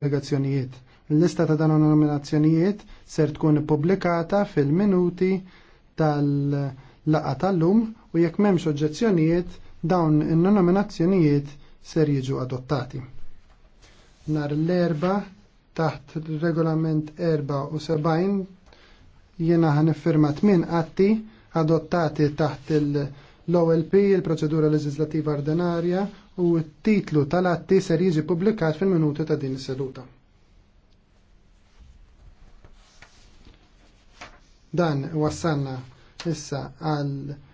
delegazzjonijiet. L-lista ta' dan nominazzjonijiet ser tkun publikata fil-minuti tal-laqa tal-lum u jekk memx oġġezzjonijiet dawn in-nominazzjonijiet ser jiġu adottati. Nar l-erba taħt regolament 74 jiena ħanifirma 8 atti adottati taħt il- l-OLP, il-proċedura leġislativa ordinarja u t-titlu tal-atti ser jiġi publikat fil-minuti ta' din is-seduta. Dan wassalna issa għal